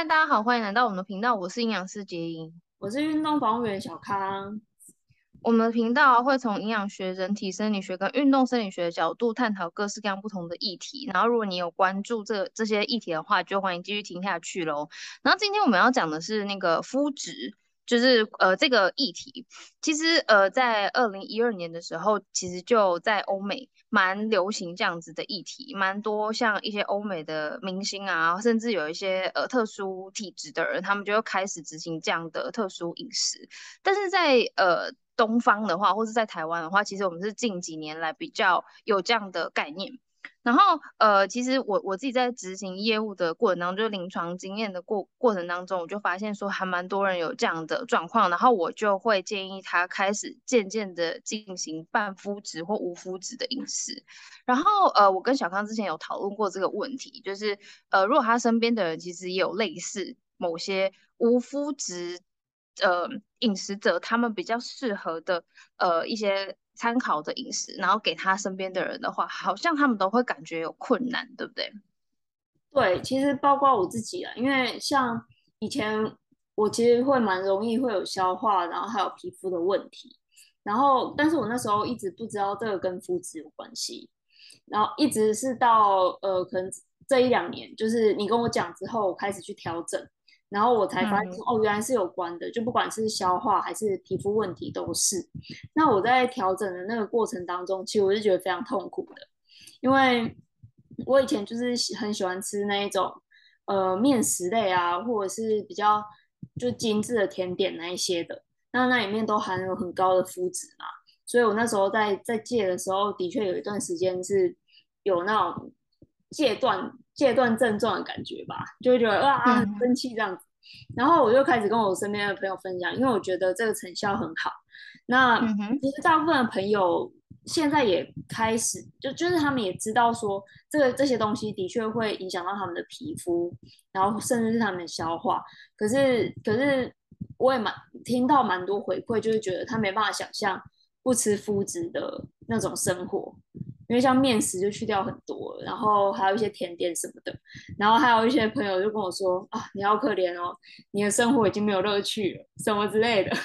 嗨，大家好，歡迎來到我們的頻道。我是營養師杰英，我是運動防護員小康。我們的頻道會從營養學、人體生理學跟運動生理學的角度探討各式各樣不同的議題。然後，如果你有關注這這些議題的話，就歡迎繼續聽下去嘍。然後，今天我們要講的是那個麩質，就是呃這個議題。其實呃，在二零一二年的時候，其實就在歐美。蠻流行這樣子的議題，蠻多像一些歐美的明星啊，甚至有一些呃特殊體質的人，他們就又開始執行這樣的特殊飲食。但是在呃東方的話，或是在台灣的話，其實我們是近幾年來比較有這樣的概念。然後，呃，其實我我自己在執行業務的過程當中，就臨床經驗的過過程當中，我就發現說還蠻多人有這樣的狀況，然後我就會建議他開始漸漸的進行半麩質或無麩質的飲食。然後，呃，我跟小康之前有討論過這個問題，就是，呃，如果他身邊的人其實也有類似某些無麩質，呃，飲食者，他們比較適合的，呃，一些。參考的飲食，然後給他身邊的人的話，好像他們都會感覺有困難，對不對？對，其實包括我自己啊，因為像以前我其實會蠻容易會有消化，然後還有皮膚的問題，然後但是我那時候一直不知道這個跟膚質有關係，然後一直是到呃，可能這一兩年，就是你跟我講之後，我開始去調整。然後我才發現、嗯、哦，原來是有關的，就不管是消化還是皮膚問題都是。那我在調整的那個過程當中，其實我是覺得非常痛苦的，因為我以前就是喜很喜歡吃那一種，呃，麵食類啊，或者是比較就精致的甜點那一些的。那那裡面都含有很高的麩質嘛，所以我那時候在在戒的時候，的確有一段時間是有那種戒斷。戒斷症狀的感覺吧，就會覺得啊，啊，很生氣這樣子。嗯、哼然後我就開始跟我身邊的朋友分享，因為我覺得這個成效很好。那、嗯、哼其實大部分的朋友現在也開始，就就是他們也知道說，這個這些東西的確會影響到他們的皮膚，然後甚至是他們的消化。可是可是，我也蠻聽到蠻多回饋，就是覺得他沒辦法想象不吃麩質的那種生活。因為像麵食就去掉很多，然後還有一些甜點什麼的，然後還有一些朋友就跟我說啊，你好可憐哦，你的生活已經沒有樂趣了，什麼之類的。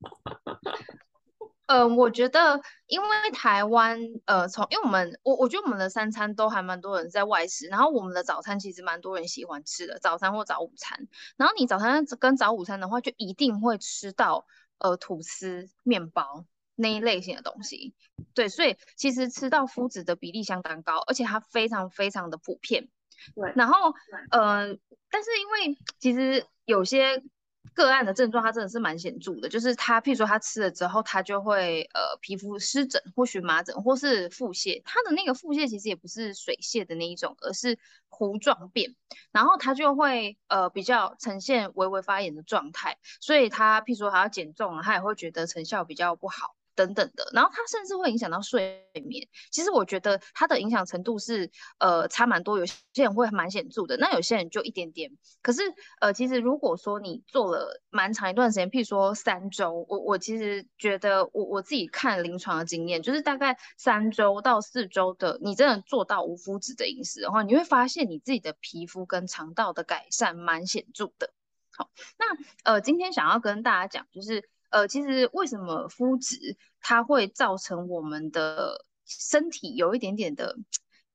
呃，我覺得因為台灣呃，從因為我們我我覺得我們的三餐都還蠻多人在外食，然後我們的早餐其實蠻多人喜歡吃的，早餐或早午餐。然後你早餐跟早午餐的話，就一定會吃到呃吐司麵包。那一類型的東西，對，所以其實吃到麩質的比例相當高，而且它非常非常的普遍，對。然後，對呃，但是因為其實有些個案的症狀，它真的是蠻顯著的，就是它譬如說它吃了之後，它就會呃皮膚濕疹，或蕁麻疹，或是腹瀉。它的那個腹瀉其實也不是水瀉的那一種，而是糊狀便，然後它就會呃比較呈現微微發炎的狀態，所以它譬如說他要減重，它也會覺得成效比較不好。等等的，然後它甚至會影響到睡眠。其實我覺得它的影響程度是，呃，差蠻多。有些人會蠻顯著的，那有些人就一點點，可是，呃，其實如果說你做了蠻長一段時間，譬如說三周，我我其實覺得我我自己看臨床的經驗，就是大概三周到四周的，你真的做到無麩質的飲食，然後你會發現你自己的皮膚跟腸道的改善蠻顯著的。好，那呃，今天想要跟大家講就是。呃，其實為什麼麩質它會造成我們的身體有一點點的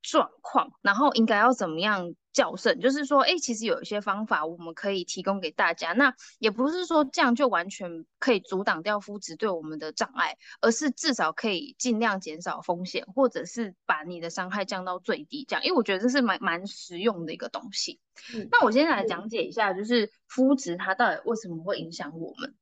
狀況，然後應該要怎麼樣矯正？就是說，哎、欸，其實有一些方法我們可以提供給大家。那也不是說這樣就完全可以阻擋掉麩質對我們的障礙，而是至少可以盡量減少風險，或者是把你的傷害降到最低這樣。因為我覺得這是蠻蠻實用的一個東西。嗯、那我先來講解一下，就是麩質它到底為什麼會影響我們？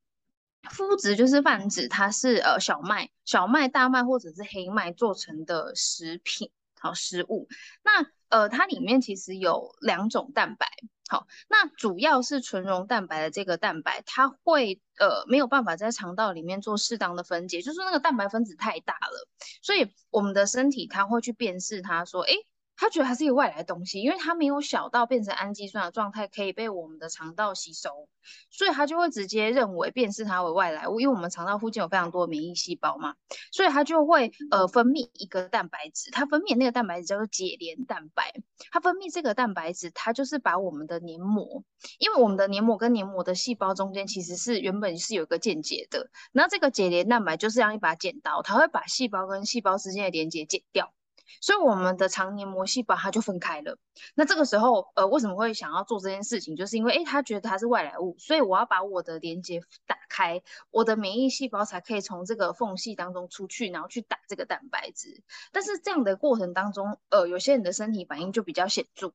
麩質就是泛指，它是呃小麥、小麥、大麥或者是黑麥做成的食品，好食物。那呃它裡面其實有兩種蛋白，好，那主要是醇溶蛋白的這個蛋白，它會呃沒有辦法在腸道裡面做適當的分解，就是那個蛋白分子太大了，所以我們的身體它會去辨識它說，說、欸、哎。他覺得它是一個外來東西，因為他沒有小到變成氨基酸的狀態，可以被我們的腸道吸收，所以他就會直接認為辨識它為外來物。因為我們腸道附近有非常多免疫細胞嘛，所以他就會呃分泌一個蛋白質，他分泌那個蛋白質叫做解連蛋白。他分泌這個蛋白質，他就是把我們的黏膜，因為我們的黏膜跟黏膜的細胞中間其實是原本是有一個連接的，那這個解連蛋白就是像一把剪刀，它會把細胞跟細胞之間的連接剪掉。所以我們的腸黏膜細胞它就分開了。嗯。那這個時候，呃，為什麼會想要做這件事情？就是因為，誒、欸，他覺得他是外來物，所以我要把我的連接打開，我的免疫細胞才可以從這個縫隙當中出去，然後去打這個蛋白質。但是這樣的過程當中，呃，有些人的身體反應就比較顯著，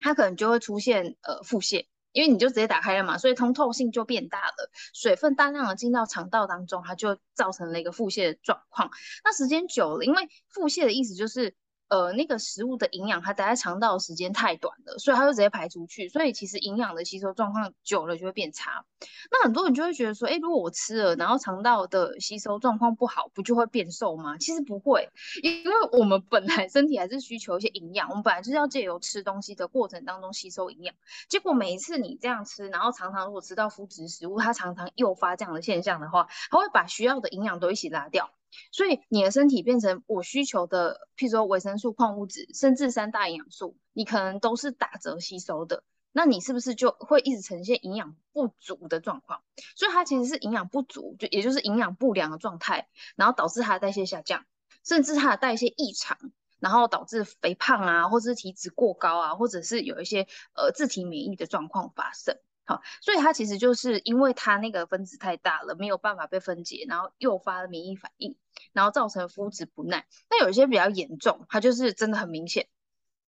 他可能就會出現呃腹瀉。因為你就直接打開了嘛，所以通透性就變大了，水分大量的進到腸道當中，它就造成了一個腹瀉的狀況。那時間久了，因為腹瀉的意思就是。呃，那個食物的營養，它待在腸道的時間太短了，所以它就直接排出去。所以其實營養的吸收狀況久了就會變差。那很多人就會覺得說，哎、欸，如果我吃了，然後腸道的吸收狀況不好，不就會變瘦嗎？其實不會，因為我們本來身體還是需求一些營養，我們本來就是要借由吃東西的過程當中吸收營養。結果每一次你這樣吃，然後常常如果吃到麩質食物，它常常誘發這樣的現象的話，它會把需要的營養都一起拉掉。所以你的身體變成我需求的，譬如說維生素、礦物質，甚至三大營養素，你可能都是打折吸收的。那你是不是就會一直呈現營養不足的狀況？所以它其實是營養不足，就也就是營養不良的狀態，然後導致它的代謝下降，甚至它的代謝異常，然後導致肥胖啊，或者是體脂過高啊，或者是有一些呃自體免疫的狀況發生。好，所以它其實就是因為它那個分子太大了，沒有辦法被分解，然後誘發了免疫反應，然後造成麩質不耐。那有一些比較嚴重，它就是真的很明顯。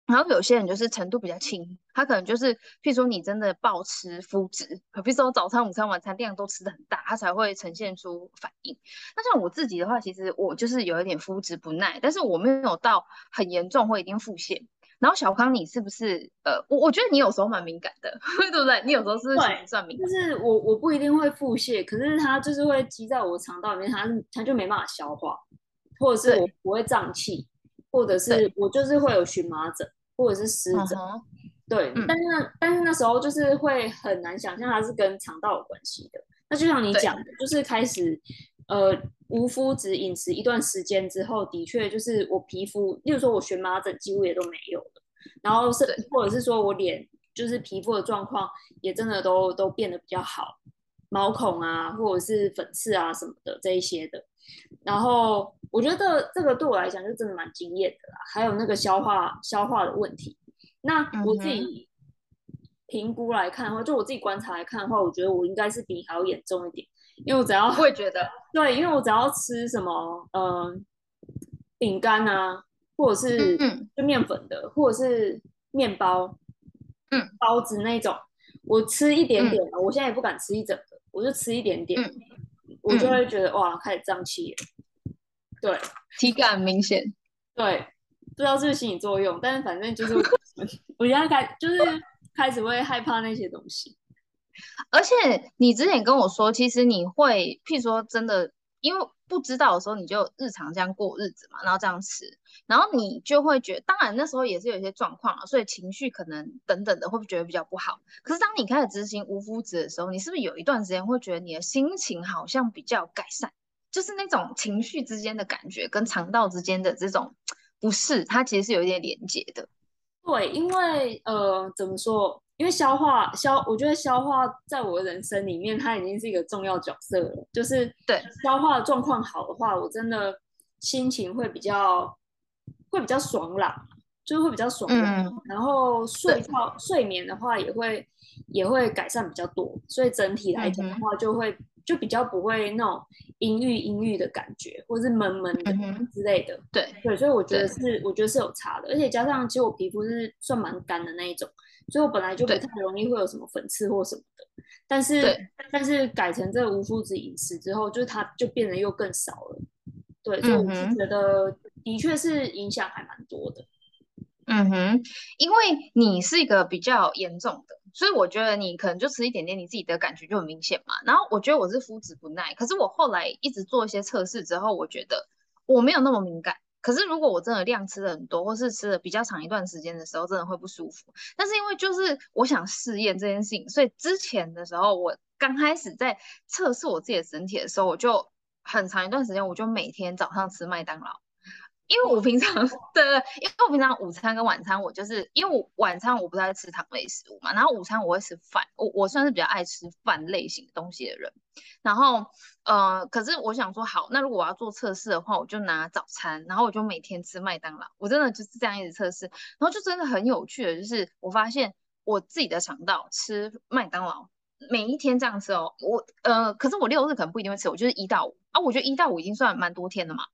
然後有些人就是程度比較輕，他可能就是，譬如說你真的暴吃麩質，比如說早餐、午餐、晚餐量都吃得很大，他才會呈現出反應。那像我自己的話，其實我就是有一點麩質不耐，但是我沒有到很嚴重或一定腹瀉。然後小康，你是不是呃，我我覺得你有時候蠻敏感的，對不對？你有時候是，是算敏感的，就是我我不一定會腹瀉，可是它就是會積在我腸道裡面，它它就沒辦法消化，或者是我不會脹氣，對或者是我就是會有蕁麻疹，或者是濕疹，對。但是那但是那時候就是會很難想象它是跟腸道有關係的。那就像你講的，對就是開始。呃，無麩質飲食一段時間之後，的確就是我皮膚，例如說我蕁麻疹幾乎也都沒有了，然後是或者是說我臉就是皮膚的狀況也真的都都變得比較好，毛孔啊或者是粉刺啊什麼的這一些的，然後我覺得這個對我來講就真的蠻驚艷的啦。還有那個消化消化的問題，那我自己評估來看的話，uh huh. 就我自己觀察來看的話，我覺得我應該是比你還要嚴重一點。因為我只要，會覺得，對，因為我只要吃什麼，嗯、呃，餅乾啊，或者是、嗯、就麵粉的，或者是麵包，嗯，包子那種，我吃一點點，嗯、我現在也不敢吃一整個，我就吃一點點，嗯、我就會覺得、嗯、哇，開始脹氣了，對，體感明顯，對，不知道是不是心理作用，但是反正就是 我現在開，就是開始會害怕那些東西。而且你之前跟我說，其實你會，譬如說，真的，因為不知道的時候，你就日常這樣過日子嘛，然後這樣吃，然後你就會覺得，當然那時候也是有一些狀況了，所以情緒可能等等的，會不會覺得比較不好？可是當你開始執行無麩質的時候，你是不是有一段時間會覺得你的心情好像比較改善？就是那種情緒之間的感覺跟腸道之間的這種不適，它其實是有一點連結的。對，因為呃，怎麼說？因為消化消，我覺得消化在我的人生裡面，它已經是一個重要角色了。就是對消化的狀況好的話，我真的心情會比較會比較爽朗，就是會比較爽。嗯。然後睡覺對睡眠的話，也會也會改善比較多，所以整體來講的話，就會、嗯、哼就比較不會那種陰鬱陰鬱的感覺，或者是悶悶的、嗯、哼之類的。對對，對，所以我覺得是對我覺得是有差的，而且加上其實我皮膚是算蠻乾的那一種。所以我本來就不太容易會有什麼粉刺或什麼的，對但是對但是改成這無麩質飲食之後，就是它就變得又更少了。對，嗯、哼所以我是覺得的確是影響還蠻多的。嗯哼，因為你是一個比較嚴重的，所以我覺得你可能就吃一點點，你自己的感覺就很明顯嘛。然後我覺得我是麩質不耐，可是我後來一直做一些測試之後，我覺得我沒有那麼敏感。可是，如果我真的量吃的很多，或是吃的比較長一段時間的時候，真的會不舒服。但是因為就是我想試驗這件事情，所以之前的時候，我剛開始在測試我自己的身體的時候，我就很長一段時間，我就每天早上吃麥當勞。因為我平常對對，因為我平常午餐跟晚餐，我就是因為我晚餐我不太愛吃糖類食物嘛，然後午餐我會吃飯，我我算是比較愛吃飯類型東西的人，然後呃，可是我想說，好，那如果我要做測試的話，我就拿早餐，然後我就每天吃麥當勞，我真的就是這樣一直測試，然後就真的很有趣的，就是我發現我自己的腸道吃麥當勞。每一天這樣吃哦，我呃，可是我六日可能不一定會吃，我就是一到五啊，我覺得一到五已經算蠻多天了嘛。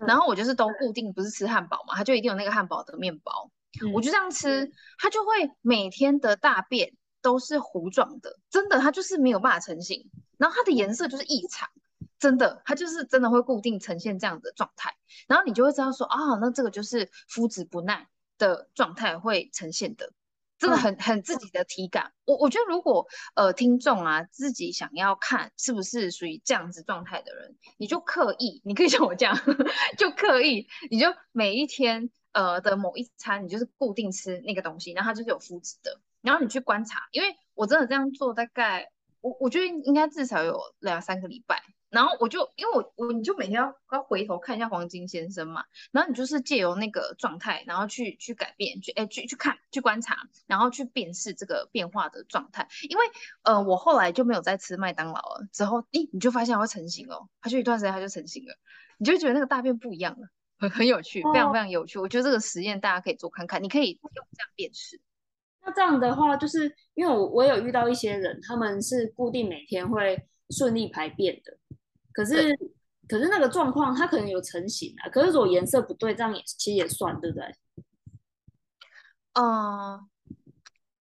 嗯、然後我就是都固定對不是吃漢堡嘛，它就一定有那個漢堡的麵包，嗯、我就這樣吃，它就會每天的大便都是糊狀的，真的，它就是沒有辦法成型，然後它的顏色就是異常，嗯、真的，它就是真的會固定呈現這樣的狀態，然後你就會知道說啊，那這個就是麩質不耐的狀態會呈現的。真的很很自己的體感，嗯、我我覺得如果呃聽眾啊自己想要看是不是屬於這樣子狀態的人，你就刻意，你可以像我這樣， 就刻意，你就每一天呃的某一餐，你就是固定吃那個東西，然後它就是有麩質的，然後你去觀察，因為我真的這樣做大概，我我覺得應該至少有兩三個禮拜。然後我就因為我我你就每天要要回頭看一下黃金先生嘛，然後你就是借由那個狀態，然後去去改變，去哎、欸、去去看去觀察，然後去辨識這個變化的狀態。因為呃我後來就沒有再吃麥當勞了，之後咦，你就發現我成型了，它就一段時間它就成型了，你就覺得那個大便不一樣了，很很有趣，非常非常有趣。哦，我覺得這個實驗大家可以做看看，你可以用這樣辨識。那這樣的話，就是因為我我有遇到一些人，他們是固定每天會順利排便的。可是，對可是那個狀況它可能有成型啊。可是如果顏色不對，這樣也其實也算對不對？嗯、呃，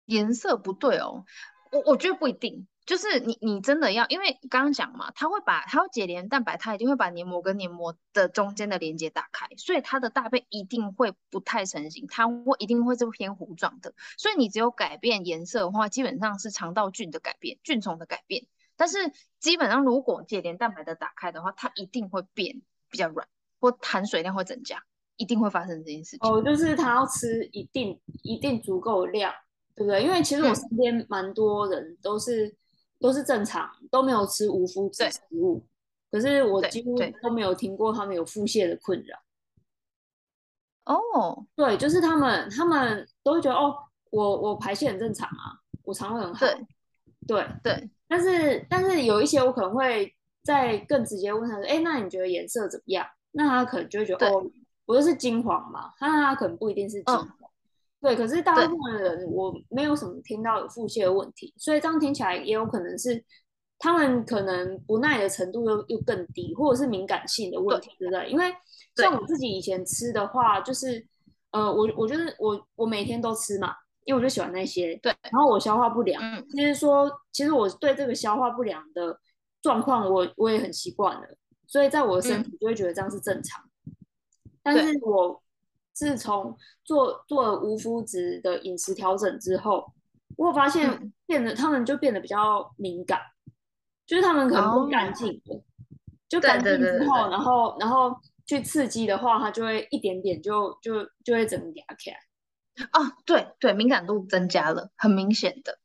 顏色不對哦，我我覺得不一定。就是你你真的要，因為剛剛講嘛，它會把它會解連蛋白，它一定會把黏膜跟黏膜的中間的連接打開，所以它的大便一定會不太成型，它會一定會是偏糊狀的。所以你只有改變顏色的話，基本上是腸道菌的改變，菌叢的改變。但是基本上，如果解連蛋白的打開的話，它一定會變比較軟，或含水量會增加，一定會發生這件事情。哦，就是他要吃一定一定足夠量，對不對？因為其實我身邊蠻多人都是對都是正常，都沒有吃無麩質食物，對可是我幾乎都沒有聽過他們有腹瀉的困擾。哦、oh，對，就是他們他們都會覺得哦，我我排泄很正常啊，我腸胃很好，對對。對對但是但是有一些我可能會再更直接問他，說，哎、欸，那你覺得顏色怎麼樣？那他可能就會覺得，對哦，不就是金黃嘛。那他，他可能不一定是金黃，嗯、對。可是大部分的人，對我沒有什麼聽到有腹瀉的問題，所以這樣聽起來也有可能是他們可能不耐的程度又又更低，或者是敏感性的問題，之類對。因為像我自己以前吃的話，就是，呃，我我就是我我每天都吃嘛。因為我就喜歡那些，對。然後我消化不良，就是、嗯、說，其實我對這個消化不良的狀況，我我也很習慣了，所以在我的身體就會覺得這樣是正常。嗯、但是，我自從做做了無麩質的飲食調整之後，我發現變得、嗯、他們就變得比較敏感，就是他們可能不乾淨，嗯、就乾淨之後，對對對對然後然後去刺激的話，它就會一點點就就就會整個起啊，oh, 對對，敏感度增加了，很明顯的，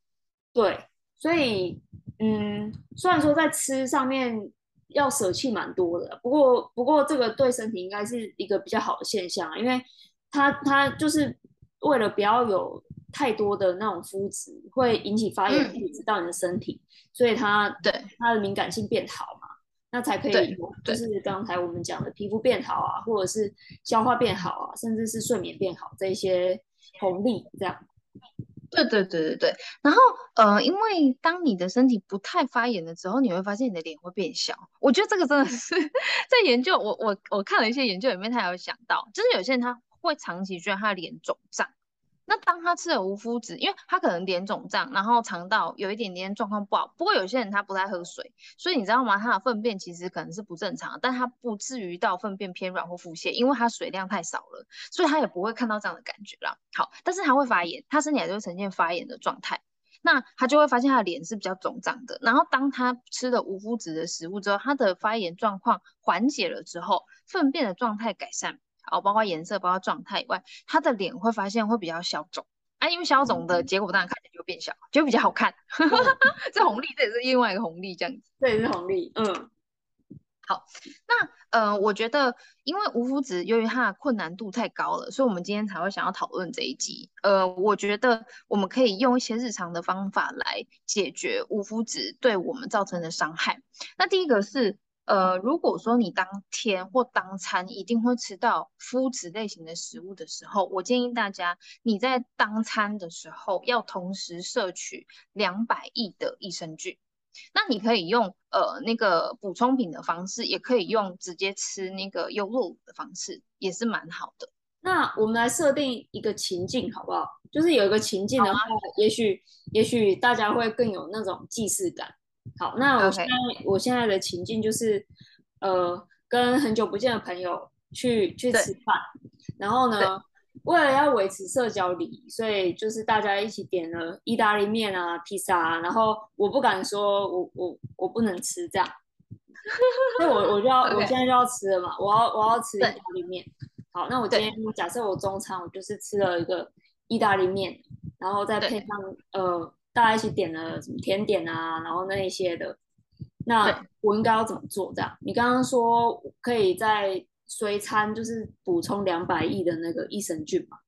對，所以，嗯，雖然說在吃上面要捨棄蠻多的，不過，不過這個對身體應該是一個比較好的現象，因為它它就是為了不要有太多的那種麩質會引起發炎物質到你的身體，嗯，所以它對它的敏感性變好嘛，那才可以，就是剛才我們講的皮膚變好啊，或者是消化變好啊，甚至是睡眠變好這些。同理這樣，對對對對對。然後，呃，因為當你的身體不太發炎的時候，你會發現你的臉會變小。我覺得這個真的是在研究，我我我看了一些研究裡面，他有想到，就是有些人他會長期覺得他的臉腫脹。那當他吃了無麩質，因為他可能臉腫脹，然後腸道有一點點狀況不好。不過有些人他不太喝水，所以你知道嗎？他的糞便其實可能是不正常的，但他不至於到糞便偏軟或腹瀉，因為他水量太少了，所以他也不會看到這樣的感覺啦。好，但是他會發炎，他身體還會呈現發炎的狀態。那他就會發現他的臉是比較腫脹的。然後當他吃了無麩質的食物之後，他的發炎狀況緩解了之後，糞便的狀態改善。哦，包括顏色、包括狀態以外，他的臉會發現會比較消腫啊，因為消腫的結果當然看起來就會變小，就比較好看。嗯、 這紅利這也是另外一個紅利，這樣子，這也是紅利。嗯，好，那呃，我覺得因為無麩質由於它的困難度太高了，所以我們今天才會想要討論這一集。呃，我覺得我們可以用一些日常的方法來解決無麩質對我們造成的傷害。那第一個是。呃，如果說你當天或當餐一定會吃到麩質類型的食物的時候，我建議大家你在當餐的時候要同時攝取兩百億的益生菌。那你可以用呃那個補充品的方式，也可以用直接吃那個優酪乳的方式，也是蠻好的。那我們來設定一個情境好不好？就是有一個情境的話，啊、也許也許大家會更有那種既視感。好，那我現在 Okay. 我現在的情境就是，呃，跟很久不見的朋友去去吃飯，對然後呢，對為了要維持社交禮儀，所以就是大家一起點了意大利麵啊、披薩啊，然後我不敢說我我我不能吃這樣，那我 我就要 Okay. 我現在就要吃了嘛，我要我要吃意大利麵。對好，那我今天對假設我中餐我就是吃了一個意大利麵，然後再配上對呃。大家一起點了什麼甜點啊，然後那一些的，那對我應該要怎麼做？這樣，你剛剛說可以在隨餐就是補充兩百億的那個益生菌嘛。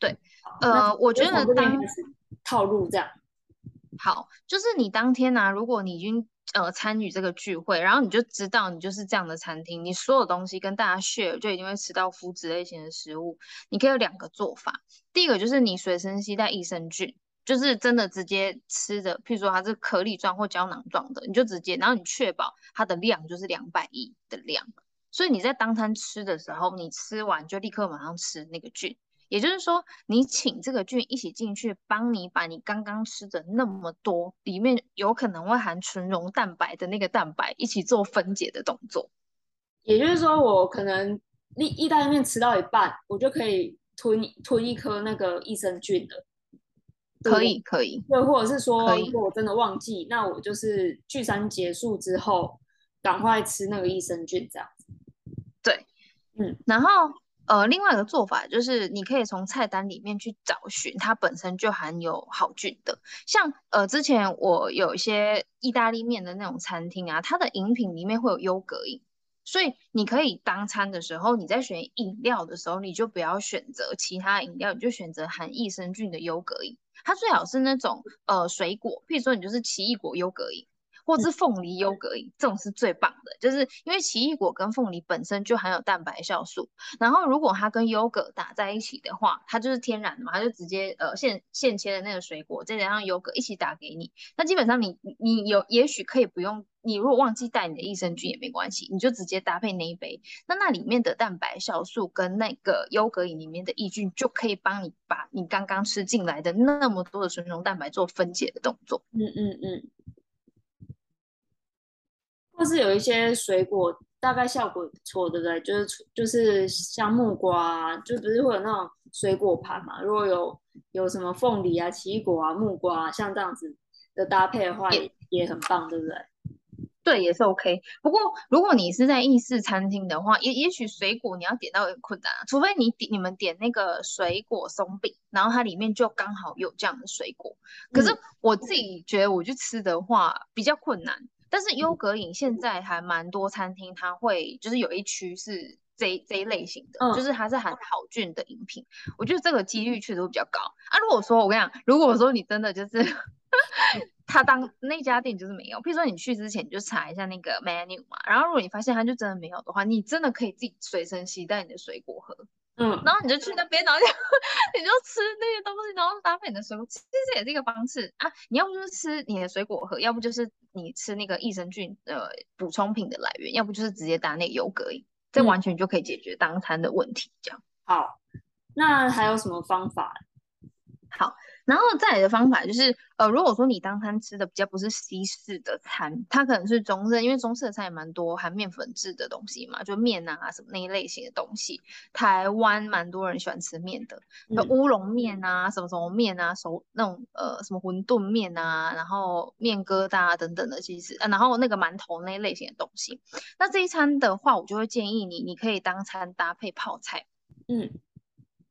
對，好呃，是我覺得套路這樣，好，就是你當天呢、啊，如果你已經呃參與這個聚會，然後你就知道你就是這樣的餐廳，你所有東西跟大家 share，就已經會吃到麩質類型的食物。你可以有兩個做法，第一個就是你隨身攜帶益生菌。就是真的直接吃的，譬如說它是顆粒狀或膠囊狀的，你就直接，然後你確保它的量就是兩百億的量，所以你在當餐吃的時候，你吃完就立刻馬上吃那個菌。也就是說，你請這個菌一起進去幫你把你剛剛吃的那麼多裡面有可能會含醇溶蛋白的那個蛋白一起做分解的動作。也就是說，我可能意意大利麵吃到一半，我就可以吞吞一顆那個益生菌了。可以可以，可以對，又或者是說，以如果我真的忘記，那我就是聚餐結束之後，趕快吃那個益生菌這樣子。對，嗯，然後呃，另外一個做法就是，你可以從菜單裡面去找尋它本身就含有好菌的，像呃，之前我有一些意大利麵的那種餐廳啊，它的飲品裡面會有優格飲，所以你可以當餐的時候，你在選飲料的時候，你就不要選擇其他飲料，你就選擇含益生菌的優格飲。它最好是那種呃水果，譬如說你就是奇異果優格飲。或是鳳梨優格飲，嗯、這種是最棒的，就是因為奇異果跟鳳梨本身就含有蛋白酵素，然後如果它跟優格打在一起的話，它就是天然的嘛，它就直接呃現現切的那個水果，再加上優格一起打給你，那基本上你你有也許可以不用，你如果忘記帶你的益生菌也沒關係，你就直接搭配那一杯，那那裡面的蛋白酵素跟那個優格飲裡面的益菌就可以幫你把你剛剛吃進來的那麼多的醇溶蛋白做分解的動作，嗯嗯嗯。嗯嗯或是有一些水果，大概效果不錯，對不對？就是就是像木瓜啊，就不是會有那種水果盤嘛啊？如果有有什麼鳳梨啊、奇異果啊、木瓜啊，像這樣子的搭配的話也，也也很棒，對不對？對，也是 OK。不過如果你是在意式餐廳的話，也也許水果你要點到有點困難啊，除非你點你們點那個水果鬆餅，然後它裡面就剛好有這樣的水果。可是我自己覺得，我去吃的話，嗯，比較困難。但是優格飲，現在還蠻多餐廳，它會就是有一區是這這類型的，嗯、就是它是含好菌的飲品。我覺得這個幾率確實會比較高啊。如果說我跟你講，如果說你真的就是他 當那家店就是沒有，譬如說你去之前你就查一下那個 menu 嘛，然後如果你發現它就真的沒有的話，你真的可以自己隨身攜帶你的水果盒，嗯，然後你就去那邊，然後你就 你就吃那些東西，然後搭配你的水果，其實也是一個方式啊。你要不就是吃你的水果盒，要不就是。你吃那個益生菌呃、補充品的來源，要不就是直接打那個優格，嗯、這完全就可以解決當餐的問題。嗯、這樣，好，那還有什麼方法？嗯、好。然後再來的方法就是，呃，如果說你當餐吃的比較不是西式的餐，它可能是中式，因為中式的餐也蠻多含麵粉質的東西嘛，就麵啊什麼那一類型的東西。台灣蠻多人喜歡吃麵的，那烏龍麵啊，嗯、什麼什麼麵啊，熟那種呃什麼餛飩麵啊，然後麵疙瘩等等的，其、啊、實，然後那個饅頭那一類型的東西。那這一餐的話，我就會建議你，你可以當餐搭配泡菜。嗯。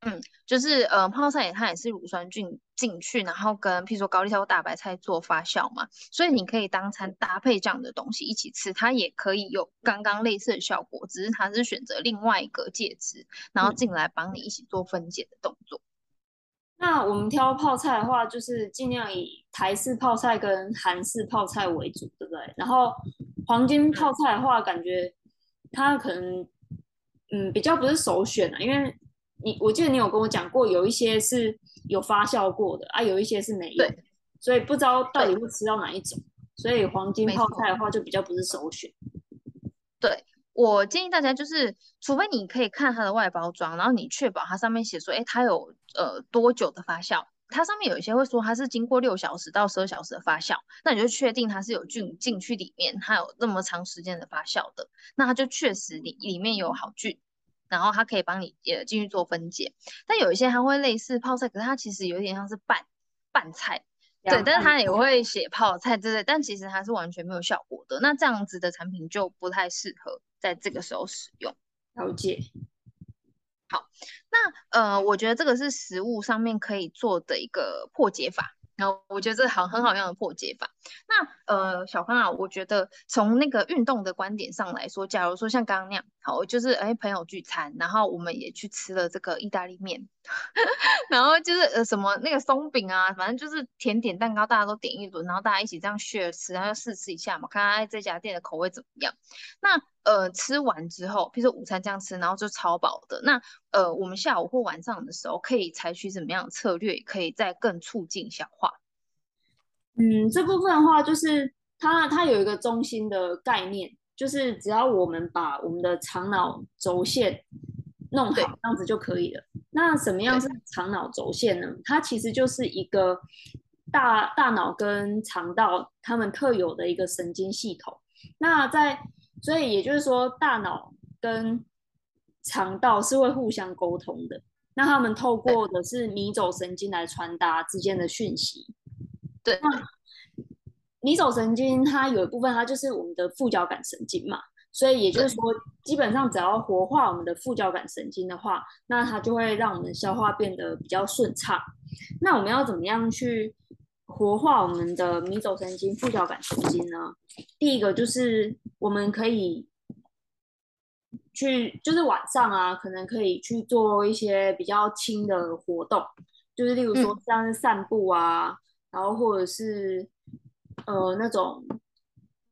嗯，就是呃，泡菜也它也是乳酸菌進去，然後跟譬如說高麗菜或大白菜做發酵嘛，所以你可以當餐搭配這樣的東西一起吃，它也可以有剛剛類似的效果，只是它是選擇另外一個介質，然後進來幫你一起做分解的動作。嗯，那我們挑泡菜的話，就是盡量以台式泡菜跟韓式泡菜為主，對不對？然後黃金泡菜的話，感覺它可能嗯比較不是首選啊，因為。你我記得你有跟我講過，有一些是有發酵過的啊，有一些是沒有的，對所以不知道到底會吃到哪一種，對所以黃金泡菜的話就比較不是首選。對，我建議大家就是，除非你可以看它的外包裝，然後你確保它上面寫說，誒、欸、它有呃多久的發酵？它上面有一些會說它是經過六小時到十二小時的發酵，那你就確定它是有菌進去裡面，它有這麼長時間的發酵的，那它就確實裡裡面有好菌。然後它可以幫你呃進去做分解，但有一些它會類似泡菜，可是它其實有點像是拌拌菜，對，明白，但是它也會寫泡菜之類，但其實它是完全沒有效果的。那這樣子的產品就不太適合在這個時候使用。了解。好，那呃，我覺得這個是食物上面可以做的一個破解法。然後我覺得這好很好用樣的破解法。那呃，小芳啊，我覺得從那個運動的觀點上來說，假如說像剛剛那樣好，就是哎朋友聚餐，然後我們也去吃了這個意大利麵， 然後就是呃什麼那個鬆餅啊，反正就是甜點蛋糕大家都點一輪，然後大家一起這樣試吃，然後試吃一下嘛，看看這家店的口味怎麼樣。那呃，吃完之後，譬如說午餐這樣吃，然後就超飽的。那呃，我們下午或晚上的時候可以採取什麼樣的策略，可以再更促進消化？嗯，這部分的話，就是它它有一個中心的概念，就是只要我們把我們的腸腦軸線弄好，對這樣子就可以了。那什麼樣是腸腦軸線呢？對它其實就是一個大大腦跟腸道他們特有的一個神經系統。那在所以也就是說，大腦跟腸道是會互相溝通的。那他們透過的是迷走神經來傳達之間的訊息。對，那迷走神經它有一部分，它就是我們的副交感神經嘛。所以也就是說，基本上只要活化我們的副交感神經的話，那它就會讓我們消化變得比較順暢。那我們要怎麼樣去？活化我們的迷走神經、副交感神經呢？第一個就是我們可以去，就是晚上啊，可能可以去做一些比較輕的活動，就是例如說像是散步啊，嗯、然後或者是呃那種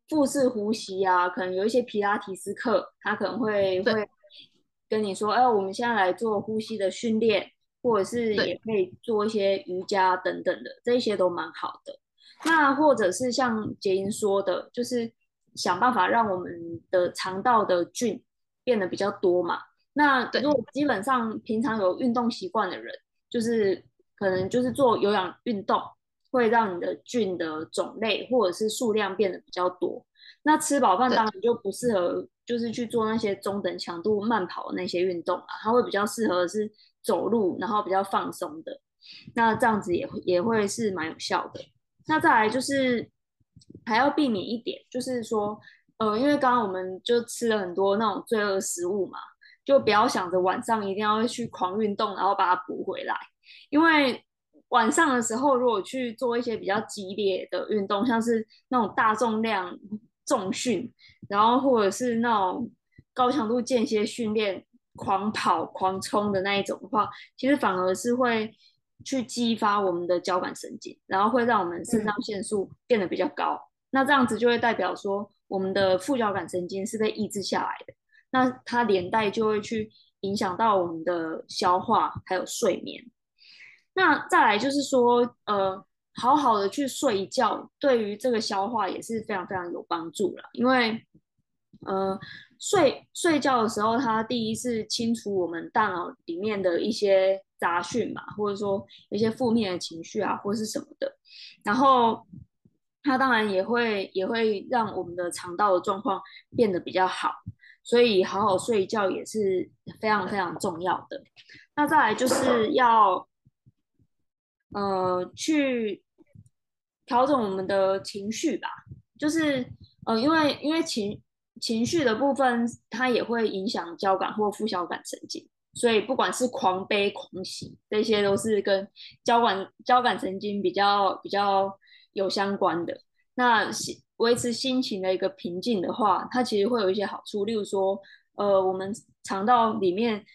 腹式呼吸啊，可能有一些皮拉提斯課，他可能會對會跟你說，哎，我們現在來做呼吸的訓練。或者是也可以做一些瑜伽等等的，對這些都蠻好的。那或者是像杰英說的，就是想辦法讓我們的腸道的菌變得比較多嘛。那如果基本上平常有運動習慣的人，就是可能就是做有氧運動，會讓你的菌的種類或者是數量變得比較多。那吃飽飯當然就不適合，就是去做那些中等強度慢跑那些運動啊，它會比較適合的是走路，然後比較放鬆的，那這樣子也會也會是蠻有效的。那再來就是還要避免一點，就是說，呃，因為剛剛我們就吃了很多那種罪惡食物嘛，就不要想着晚上一定要去狂運動，然後把它補回來。因為晚上的時候，如果去做一些比較激烈的運動，像是那種大重量重訓，然後或者是那種高強度間歇訓練。狂跑、狂衝的那一種的話，其實反而是會去激發我們的交感神經，然後會讓我們腎上腺素變得比較高。嗯、那這樣子就會代表說，我們的副交感神經是被抑制下來的。那它連帶就會去影響到我們的消化還有睡眠。那再來就是說，呃，好好的去睡一覺，對於這個消化也是非常非常有幫助了，因為。呃，睡睡覺的時候，它第一是清除我們大腦裡面的一些雜訊嘛，或者說一些負面的情緒啊，或是什麼的。然後它當然也會也會讓我們的腸道的狀況變得比較好，所以好好睡覺也是非常非常重要的。那再來就是要呃去調整我們的情緒吧，就是呃因為因為情。情緒的部分，它也會影響交感或副交感神經，所以不管是狂悲狂喜，這些都是跟交感交感神經比較比較有相關的。那維持心情的一個平靜的話，它其實會有一些好處，例如說，呃，我們腸道裡面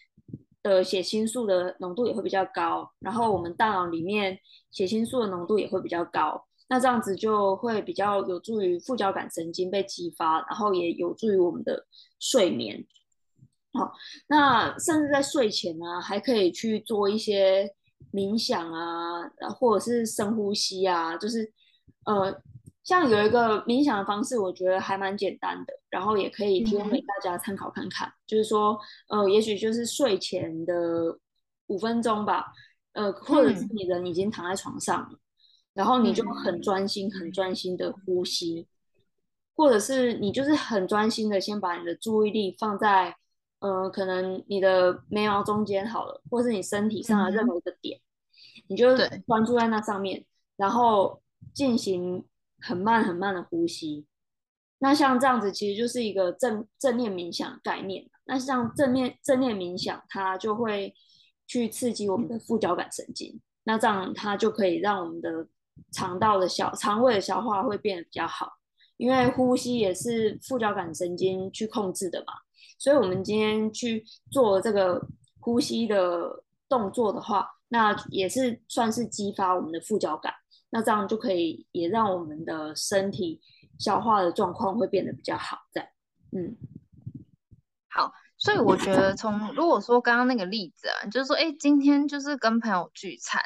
的血清素的濃度也會比較高，然後我們大腦裡面血清素的濃度也會比較高。那這樣子就會比較有助於副交感神經被激發，然後也有助於我們的睡眠。好，那甚至在睡前啊，還可以去做一些冥想啊，或者是深呼吸啊。就是，呃，像有一個冥想的方式，我覺得還蠻簡單的，然後也可以提供給大家參考看看。嗯、就是說，呃，也許就是睡前的五分鐘吧，呃，或者是你人已經躺在床上。嗯然後你就很專心、很專心的呼吸，嗯、或者是你就是很專心的先把你的注意力放在，呃，可能你的眉毛中間好了，或是你身體上的任何一個點，嗯、你就專注在那上面，對然後進行很慢、很慢的呼吸。那像這樣子其實就是一個正正念冥想的概念。那像正念正念冥想，它就會去刺激我們的副交感神經，那這樣它就可以讓我們的。腸道的消，腸胃的消化會變得比較好，因為呼吸也是副交感神經去控制的嘛，所以我們今天去做這個呼吸的動作的話，那也是算是激發我們的副交感，那這樣就可以也讓我們的身體消化的狀況會變得比較好，這樣，嗯，好。所以我覺得從，從如果說剛剛那個例子啊，就是說，哎，今天就是跟朋友聚餐，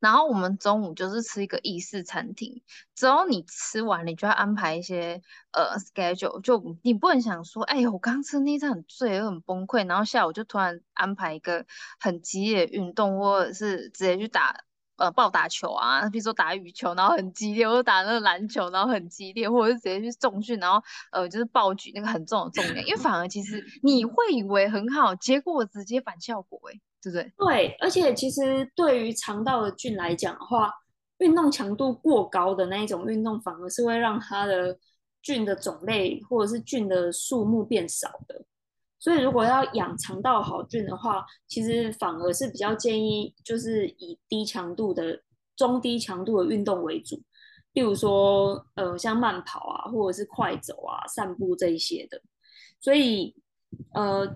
然後我們中午就是吃一個意式餐廳，只要你吃完，你就要安排一些呃 schedule，就你不能想說，哎呦，我剛吃那餐很醉，很崩潰，然後下午就突然安排一個很激烈的運動，或者是直接去打。呃，暴打球啊，比如說打羽球，然後很激烈，或者打那個籃球，然後很激烈，或者是直接去重訓，然後呃，就是暴舉那個很重的重量， 因為反而其實你會以為很好，結果直接反效果。欸，哎，對不對？對，而且其實對於腸道的菌來講的話，運動強度過高的那一種運動，反而是會讓它的菌的種類或者是菌的數目變少的。所以，如果要養腸道好菌的話，其實反而是比較建議，就是以低強度的、中低強度的運動為主，例如說，呃，像慢跑啊，或者是快走啊、散步這一些的。所以，呃，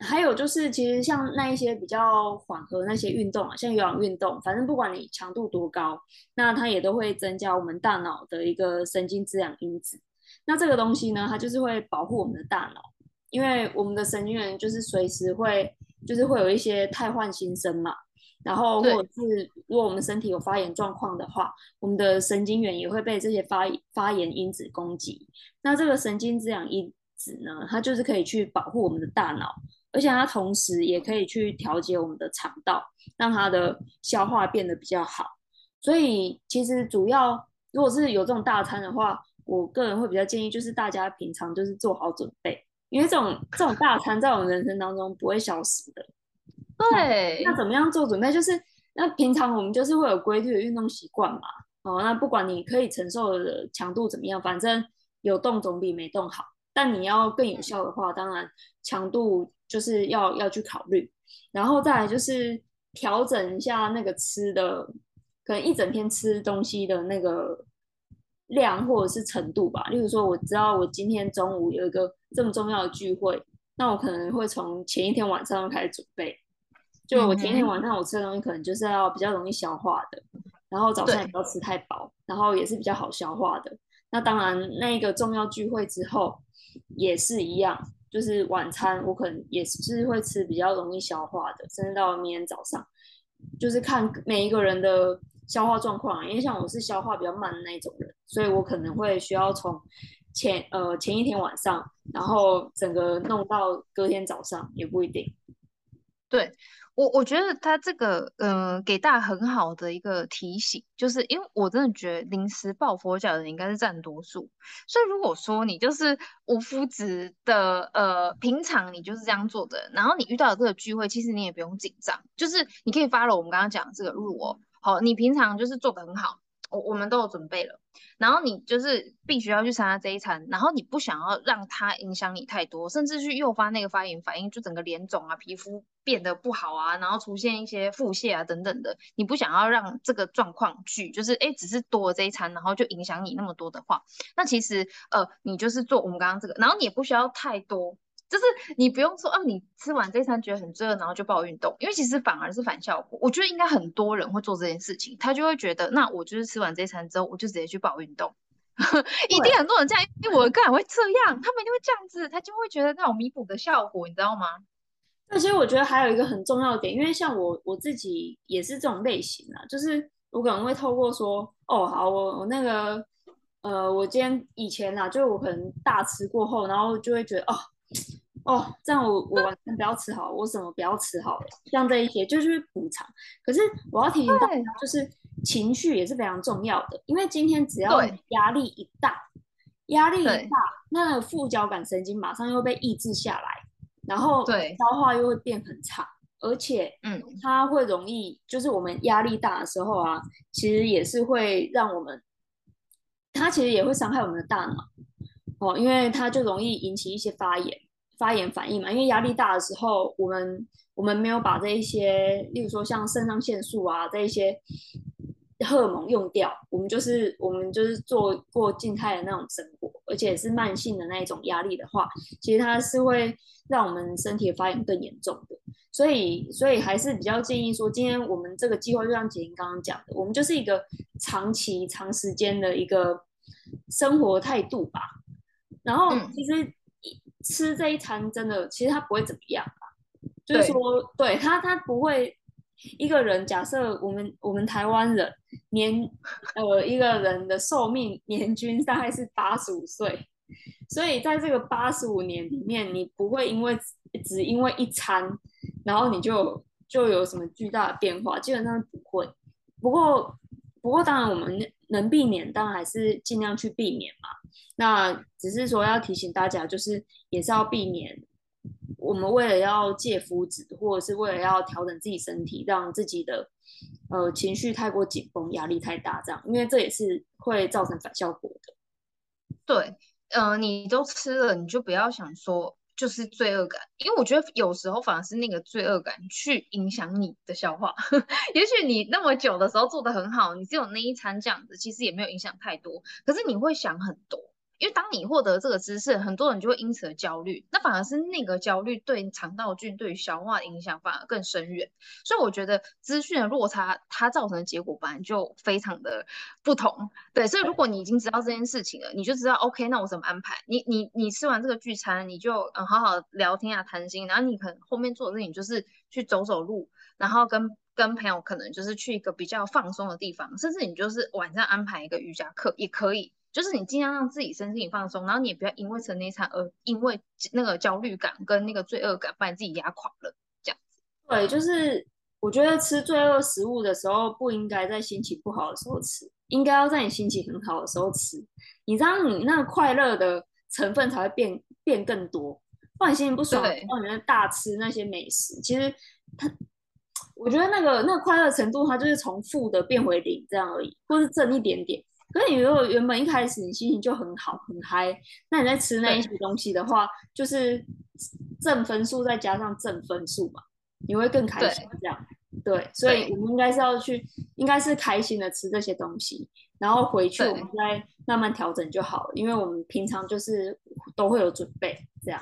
還有就是，其實像那一些比較緩和那些運動啊，像有氧運動，反正不管你強度多高，那它也都會增加我們大腦的一個神經滋養因子。那這個東西呢，它就是會保護我們的大腦。因為我們的神經元就是隨時會，就是會有一些汰換新生嘛，然後或者是如果我們身體有發炎狀況的話，我們的神經元也會被這些發發炎因子攻擊。那這個神經滋養因子呢，它就是可以去保護我們的大腦，而且它同時也可以去調節我們的腸道，讓它的消化變得比較好。所以其實主要，如果是有這種大餐的話，我個人會比較建議就是大家平常就是做好準備。因為這種這種大餐在我們人生當中不會消失的，對。那，那怎麼樣做準備？就是那平常我們就是會有規律的運動習慣嘛。哦，那不管你可以承受的強度怎麼樣，反正有動總比沒動好。但你要更有效的話，當然強度就是要要去考慮。然後再來就是調整一下那個吃的，可能一整天吃東西的那個。量或者是程度吧，例如說，我知道我今天中午有一個這麼重要的聚會，那我可能會從前一天晚上開始準備。就我前一天晚上我吃的東西，可能就是要比較容易消化的，然後早上也不要吃太飽，對然後也是比較好消化的。那當然，那個重要聚會之後也是一樣，就是晚餐我可能也是會吃比較容易消化的，甚至到明天早上，就是看每一個人的。消化狀況、啊，因為像我是消化比較慢的那種人，所以我可能會需要從前呃，前一天晚上，然後整個弄到隔天早上也不一定。對，我我覺得他這個嗯、呃，給大家很好的一個提醒，就是因為我真的覺得臨時抱佛腳的人應該是佔多數，所以如果說你就是無麩質的呃，平常你就是這樣做的，然後你遇到這個聚會，其實你也不用緊張，就是你可以 follow 我們剛剛講的這個路哦。好，你平常就是做得很好，我我們都有準備了。然後你就是必須要去參加這一餐，然後你不想要讓它影響你太多，甚至去誘發那個發炎反應，就整個臉腫啊，皮膚變得不好啊，然後出現一些腹瀉啊等等的，你不想要讓這個狀況去，就是誒、欸、只是多了這一餐，然後就影響你那麼多的話，那其實呃，你就是做我們剛剛這個，然後你也不需要太多。就是你不用說，哦、啊，你吃完這餐覺得很罪惡，然後就暴運動，因為其實反而是反效果。我覺得應該很多人會做這件事情，他就會覺得，那我就是吃完這一餐之後，我就直接去暴運動， 一定很多人這樣，對因為我個人會這樣，他們一定會這樣子，他就會覺得那種彌補的效果，你知道嗎？那其實我覺得還有一個很重要的點，因為像我我自己也是這種類型啊，就是我可能會透過說，哦，好，我我那個，呃，我今天以前啊，就我可能大吃過後，然後就會覺得，哦。哦，這樣我我完全不要吃好， 我什麼不要吃好了？像這一些就是補償，可是我要提醒大家，就是對情緒也是非常重要的。因為今天只要壓力一大，對壓力一大，對那個副交感神經馬上又被抑制下來，然後對消化又會變很差，對而且嗯，它會容易、嗯、就是我們壓力大的時候啊，其實也是會讓我們，它其實也會傷害我們的大腦。哦，因為它就容易引起一些發炎、發炎反應嘛。因為壓力大的時候，我們我們沒有把這一些，例如說像腎上腺素啊，這一些荷爾蒙用掉，我們就是我們就是做過靜態的那種生活，而且是慢性的那一種壓力的話，其實它是會讓我們身體的發炎更嚴重的。所以所以還是比較建議說，今天我們這個計劃就像傑瑩剛剛講的，我們就是一個長期長時間的一個生活態度吧。然後其實一吃這一餐真的，嗯、其實他不會怎麼樣吧，對就是說，對他他不會一個人。假設我們我們台灣人年呃一個人的壽命年均大概是八十五歲，所以在這個八十五年裡面，你不會因為只因為一餐，然後你就就有什麼巨大的變化，基本上不會。不過不過當然我們。能避免，但還是盡量去避免嘛。那只是說要提醒大家，就是也是要避免。我們為了要戒麩質，或者是為了要調整自己身體，讓自己的呃情緒太過緊繃、壓力太大這樣，因為這也是會造成反效果的。對，嗯、呃，你都吃了，你就不要想說。就是罪惡感，因為我覺得有時候反而是那個罪惡感去影響你的消化。 也許你那麼久的時候做的很好，你只有那一餐這樣子，其實也沒有影響太多，可是你會想很多。因為當你獲得這個知識，很多人就會因此而焦慮，那反而是那個焦慮對腸道菌對消化的影響反而更深遠，所以我覺得資訊的落差它造成的結果本來就非常的不同，對，所以如果你已經知道這件事情了，你就知道 OK，那我怎麼安排？你你你吃完這個聚餐，你就嗯好好聊天啊談心，然後你可能後面做的事情就是去走走路，然後跟跟朋友可能就是去一個比較放鬆的地方，甚至你就是晚上安排一個瑜伽課也可以。就是你儘量讓自己身心放鬆，然後你也不要因為吃那餐而因為那個焦慮感跟那個罪惡感把你自己壓垮了，這樣子。對，就是我覺得吃罪惡食物的時候不應該在心情不好的時候吃，應該要在你心情很好的時候吃。你知道，你那個快樂的成分才會變變更多。不然你心情不爽，對然後你大吃那些美食，其實它，我覺得那個那快樂程度它就是從負的變回零這樣而已，或是正一點點。可是，如果原本一開始你心情就很好、很嗨，那你在吃那一些東西的話，對就是正分數再加上正分數嘛，你會更開心。這樣，對，對，所以我們應該是要去，對應該是開心的吃這些東西，然後回去我們再慢慢調整就好了，對因為我們平常就是都會有準備這樣。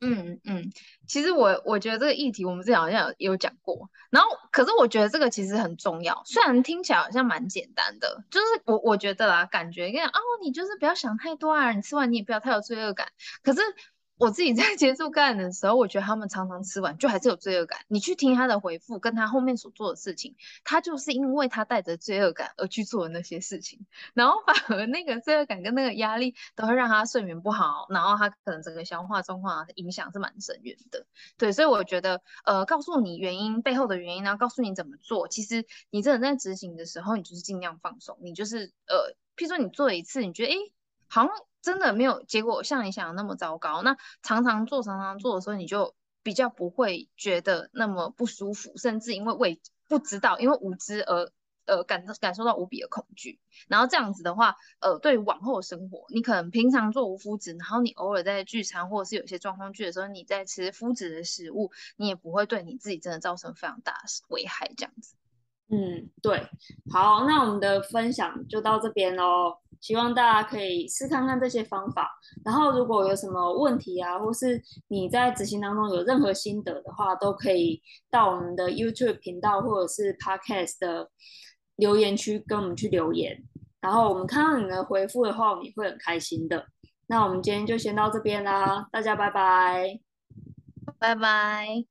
嗯嗯，其實我我覺得這個議題我們之前好像有有講過，然後可是我覺得這個其實很重要，雖然聽起來好像蠻簡單的，就是我我覺得啦，感覺跟，哦，你就是不要想太多啊，你吃完你也不要太有罪惡感，可是。我自己在接觸干的時候，我覺得他們常常吃完就還是有罪惡感。你去聽他的回復，跟他後面所做的事情，他就是因為他帶着罪惡感而去做的那些事情，然後反而那個罪惡感跟那個壓力都會讓他睡眠不好，然後他可能整個消化狀況啊的影響是蠻深遠的。對，所以我覺得，呃，告訴你原因背後的原因，然後告訴你怎麼做，其實你真的在執行的時候，你就是盡量放鬆，你就是呃，譬如說你做一次，你覺得誒，好像。真的沒有結果，像你想的那麼糟糕。那常常做、常常做的時候，你就比較不會覺得那麼不舒服，甚至因為未不知道，因為無知而呃感感受到無比的恐懼。然後這樣子的話，呃，對於往後生活，你可能平常做無麩質，然後你偶爾在聚餐或者是有些狀況劇的時候，你在吃麩質的食物，你也不會對你自己真的造成非常大的危害。這樣子。嗯，對，好，那我們的分享就到這邊嘍。希望大家可以試看看這些方法，然後如果有什麼問題啊，或是你在執行當中有任何心得的話，都可以到我們的 YouTube 頻道或者是 Podcast 的留言區跟我們去留言。然後我們看到你的回復的話，我們也會很開心的。那我們今天就先到這邊啦，大家拜拜，拜拜。